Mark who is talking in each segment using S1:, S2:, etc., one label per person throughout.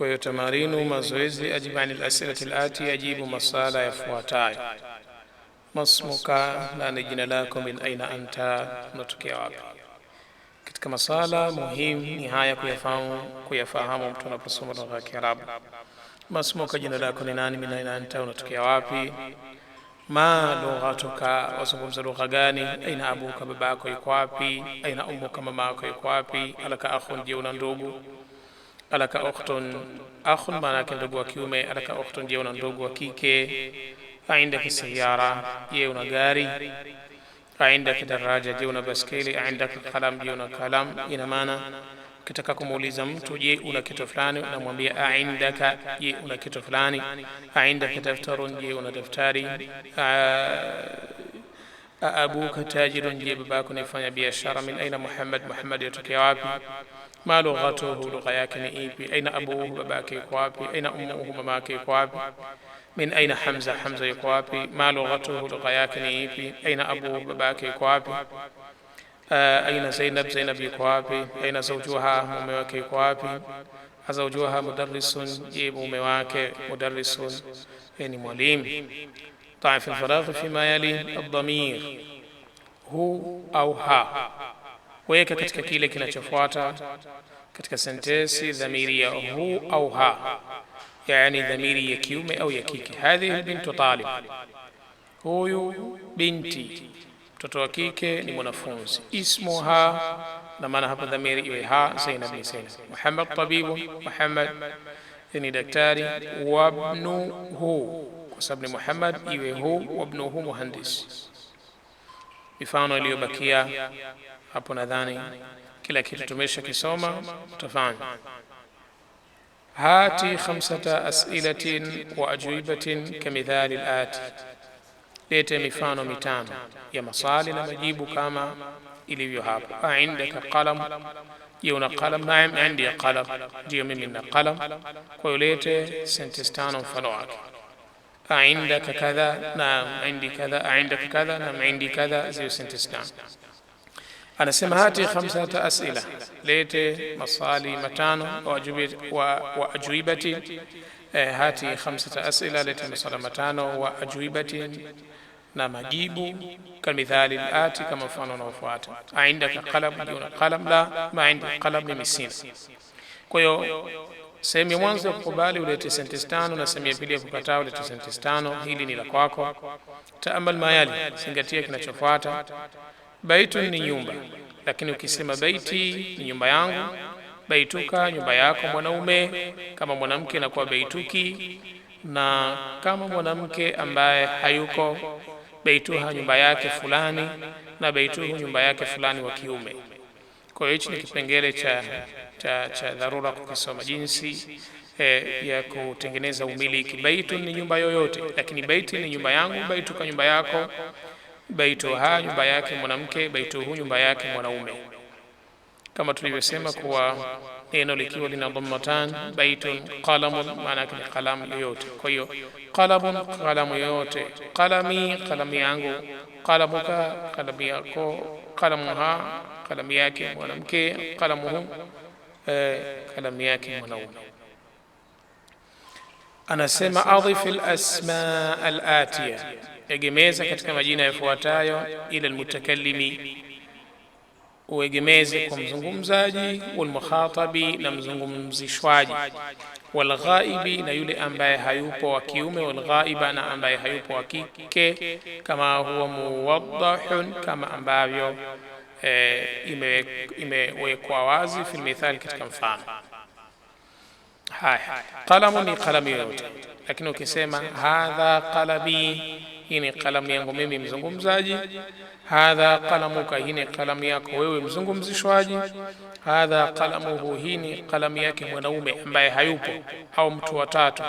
S1: Kwa hiyo tamarinu mazoezi, ajibu anil asirati alati, ajibu masala yafuatayo: masmuka, na jina lako, min aina anta, unatokea wapi? Katika masala muhimu ni haya kuyafahamu, kuyafahamu mtu anaposoma lugha ya Kiarabu. Masmuka, jina lako ni nani? Min aina anta, unatokea wapi? Ma lughatuka, wazungumza lugha gani? Aina abuka, babako yuko wapi? Aina ummuka, mamako yuko wapi? Alaka akhun, je, una ndugu alaka ukhtun akhun, maana yake ndugu kiume. Alaka ukhtun, je una ndugu a kike. Aindaki sayara, je una gari. Aindaki daraja, je una baskeli. Aindaki kalam je una kalam. Ina maana kitaka kumuuliza mtu je una kitu fulani, unamwambia ka je una kitu fulani. Aindaki daftarun, je una daftari. Ah, Aabuka tajirun, je babako ni mfanya biashara. Min aina Muhammad, Muhammad yatokea wapi? Ma lughatuhu, lugha yake ni ipi? Aina abuhu, babake yuko wapi? Aina ummuhu, mamake yuko wapi? Min aina Hamza, Hamza yuko wapi? Ma lughatuhu, lugha yake ni ipi? Aina abuhu, babake yuko wapi? Aina Zainab, Zainab yuko wapi? Aina zawjuha, mume wake yuko wapi? Azawjuha mudarrisun, je mume wake mudarrisun, ni mwalimu طعف الفراغ فيما يلي الضمير هو أو ها وهي كتك كيلة كنا تفواتا كتك سنتيسي ذميرية هو أو ها يعني ذميري يكيوم أو يكيك هذه البنت طالب هو بنتي تتوكيك لمنفونس اسمها لما نهب ذميري إيها سينا بن سينا محمد طبيب محمد ابن يعني دكتاري وابنه هو kwa sababu ni Muhammad, iwe huu wabnuhu muhandis. Mifano iliyobakia hapo, nadhani kila kitu tumesha kisoma. Tutafanya hati khamsata as'ilatin wa ajwibatin kamithali al lete mifano mitano ya maswali na majibu kama ilivyo hapo. Aindaka qalam Je, una qalam? Naam, indi qalam. Ndio, mimi nina qalam. Kwa hiyo lete sentensi tano mfano wake aindaka kadha na indi kadha aindaka kadha na indi kadha, ziyo sentensi tano. Anasema hati khamsata asila, lete maswali matano wa ajuibati eh, hati khamsata asila, lete maswali matano wa ajuibati na majibu kamithali lati, kama mfano unaofuata aindaka qalab, juna qalab la ma indaka qalab ni misina. Kwa hiyo Sehemu ya mwanzo ya kukubali ulete senti tano na sehemu ya pili ya kukataa ulete senti tano. Hili ni la kwako. Taamal mayali, zingatia kinachofuata. Baitun ni nyumba, lakini ukisema baiti ni nyumba yangu, baituka nyumba yako mwanaume, kama mwanamke inakuwa baituki, na kama mwanamke ambaye hayuko baituha nyumba yake fulani, na baituhu nyumba yake fulani wa kiume. Kwa hiyo hichi ni kipengele cha cha, cha dharura kukisoma jinsi eh, ya kutengeneza umiliki. Baitu ni nyumba yoyote, lakini baiti ni nyumba yangu, baitu kwa nyumba yako, baitu ha nyumba yake mwanamke, baitu hu nyumba yake mwanaume, kama tulivyosema kuwa neno likiwa lina dhammatan baitun qalamun, maana yake ni kalamu yoyote. Kwa hiyo qalamun, kalamu yoyote, qalami, kalamu yangu, qalamuka, kalamu yako, qalamuha, kalamu yake mwanamke, qalamuhu kalamu yake Mwanaume anasema adhif alasma alatiya, egemeza katika majina yafuatayo: ila almutakallimi, uegemeze kwa mzungumzaji, walmukhatabi, na mzungumzishwaji, walghaibi, na yule ambaye hayupo wa kiume, walghaiba, na ambaye hayupo wa kike, kama huwa muwaddahun, kama ambavyo e, imewekwa wazi fil mithali, katika mfano. Haya, qalamu ni qalamu yoyote, lakini ukisema hadha qalami, hii ni qalamu yangu mimi mzungumzaji. Hadha qalamuka, hii ni qalamu yako wewe mzungumzishwaji. Hadha qalamuhu, hii ni qalamu yake mwanaume ambaye hayupo au mtu wa tatu,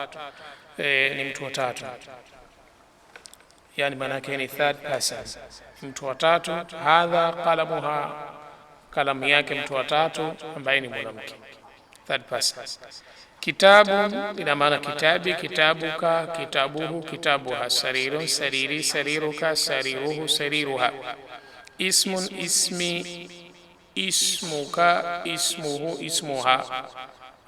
S1: e, ni mtu wa tatu yani maana yake ni third person, mtu wa tatu. Hadha qalamuha, kalamu yake mtu wa tatu ambaye ni mwanamke, third person. Kitabu ina maana kitabi, kitabuka, kitabuhu, kitabuha, sarirun, sariri, sariruka, sariruhu, sariruha, ismun, ismi, ismuka, ismuhu, ismuha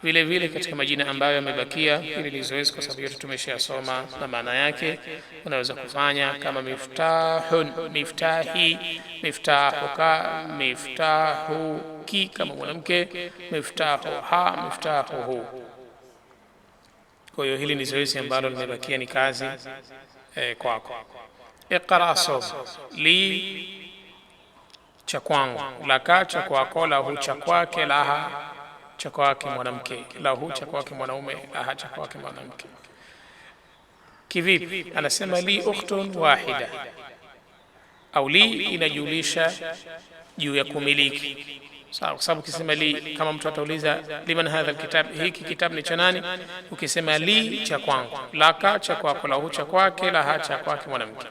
S1: vile vile katika majina ambayo yamebakia, hili ni zoezi, kwa sababu yote tumeshasoma na maana yake. Unaweza kufanya kama miftahun, miftahi, miftahuka, miftahuki kama mwanamke, miftahu miftahu hu Kwa hiyo hili ni zoezi ambalo limebakia, ni kazi eh, kwako. Iqra som li cha kwangu, laka cha kwako, lahu cha kwake, laha cha kwake mwanamke, lahu cha kwake mwanaume, laha cha kwake mwanamke. Kivipi? Anasema li ukhtun wahida au li inajulisha juu ya kumiliki sawa, kwa sababu ukisema li, kama mtu atauliza liman hadha alkitab, hiki kitabu ni cha nani? Ukisema li, cha kwangu, laka cha kwako, lahu cha kwake, laha cha kwake mwanamke.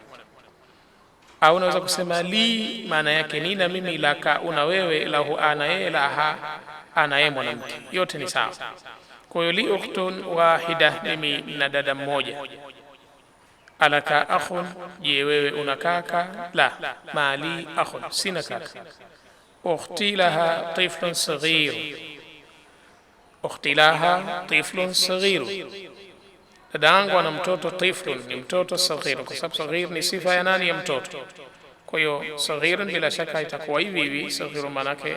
S1: Au unaweza kusema li, maana yake nina mimi, laka una wewe, lahu ana yeye, laha ana yeye mwanamke, yote ni sawa. Kwa hiyo li ukhtun wahida, mimi na dada mmoja. Alaka akhun, je wewe una kaka? La, mali akhun, sina kaka. Ukhti laha tiflun saghir, ukhti laha tiflun saghir, dada yangu ana mtoto. Tiflun ni mtoto, saghir kwa sababu saghir ni sifa ya nani? Ya mtoto. Kwa hiyo saghirun bila shaka itakuwa hivi hivi, saghirun maanake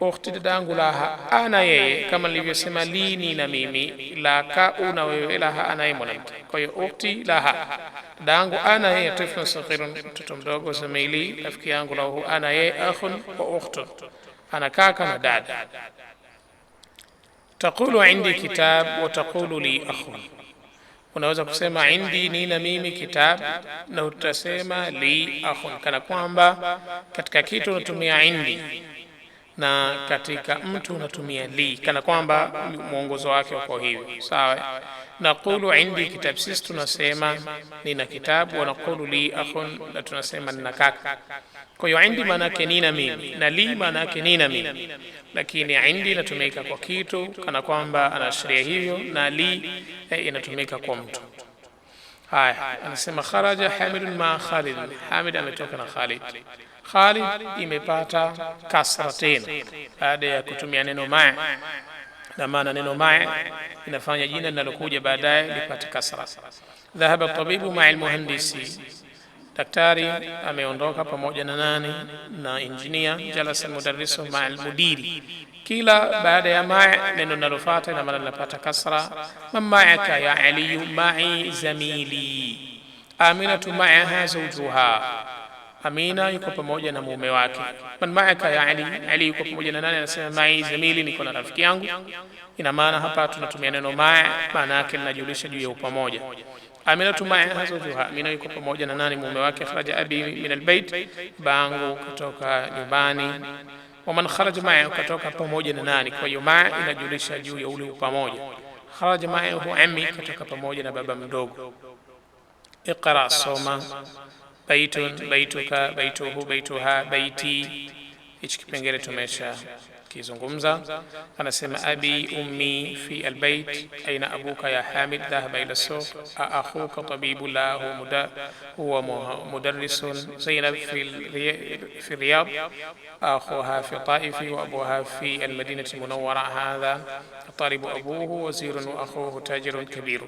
S1: Ukhti dadangu, laha ana yeye, kama nilivyosema lini na mimi, laka una wewe, laha ana yeye mwanamke. Kwa hiyo ukhti laha dadangu, ana yeye tiflun saghirun, mtoto mdogo, zamili rafiki yangu, lahu ana yeye, akhun wa ana kaka na dada. Taqulu indi kitab wa taqulu li akhun, unaweza kusema indi ni na mimi kitab, na utasema li akhun, kana kwamba katika kitu unatumia indi na katika mtu unatumia li kana kwamba mwongozo wake uko hivyo sawa. Naqulu indi kitab sisi tunasema nina kitabu, wanaqulu li akhun, na tunasema nina kaka. Kwa hiyo indi maana yake nina mimi na li maana yake nina mimi, lakini indi inatumika kwa kitu kana kwamba anaashiria hivyo, na li eh, inatumika kwa mtu. Haya, anasema kharaja Hamidun ma Khalid, Hamid ametoka na Khalid hali imepata kasra tena baada ya kutumia neno mae na maana neno mae inafanya jina linalokuja baadaye lipate kasra. Dhahaba tabibu maa almuhandisi, daktari ameondoka pamoja na nani na injinia. Jalasa almudarrisu maa almudiri, kila baada ya maa neno linalofuata na maana linapata kasra. Mamaaka ya aliyu mai zamili, aminatu maa hazaujuha Amina yuko pamoja na mume wake. Man maaka ya Ali, Ali yuko pamoja na nani? Anasema mai zamili, niko na rafiki yangu. Ina maana hapa tunatumia neno maa, maana yake linajulisha juu ya upamoja. Amina tumaya hazojuha, Amina yuko pamoja na nani? Mume wake. Kharaja abi min albayt, bangu kutoka nyumbani. Wa man kharaja maa, kutoka pamoja na nani? Kwa hiyo maa inajulisha juu ya ule upamoja. Kharaja maa hu ammi, kutoka pamoja na baba mdogo. Iqra, soma بيت بيتك بيته بيتها بيتي هيك كبنجره تمشى كيزونغومزا انا سمع ابي امي في البيت اين ابوك يا حامد ذهب الى السوق اخوك طبيب لا هو هو مدرس زينب في في الرياض اخوها في الطائف وابوها في المدينه المنوره هذا طالب ابوه وزير واخوه تاجر كبير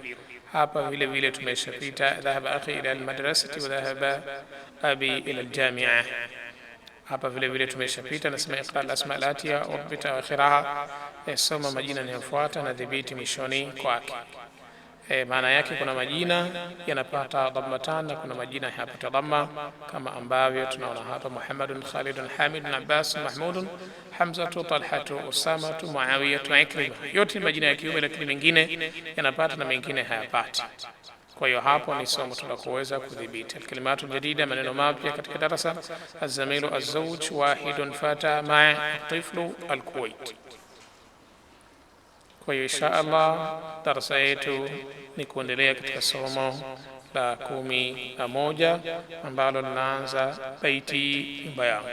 S1: hapa vile vile tumeshapita, dhahaba akhi ila almadrasati wa dhahaba abi ila aljamia. Hapa vile vile tumeshapita, nasema iqra alasma alatia warbita waakhiraha, soma majina yanayofuata na dhibiti mishoni kwake. E, maana yake kuna majina yanapata dhamma na kuna majina hayapata dhamma, kama ambavyo tunaona hapa: Muhammadun, Khalidun, Hamidun, abbas Mahmudun, Hamzatu, Talhatu, Usamatu, Muawiyatu, Ikrima. Yote ni majina ya kiume, lakini mengine yanapata na mengine hayapati. Kwa hiyo hapo ni somo tunakuweza kudhibiti alkalimatu ljadida, maneno mapya katika darasa. Azamilu, azauj, wahidun, fata, maa, tiflu, alkuwait kwa hiyo insha Allah darasa yetu ni kuendelea katika somo la kumi na moja ambalo linaanza baiti nyumba yangu.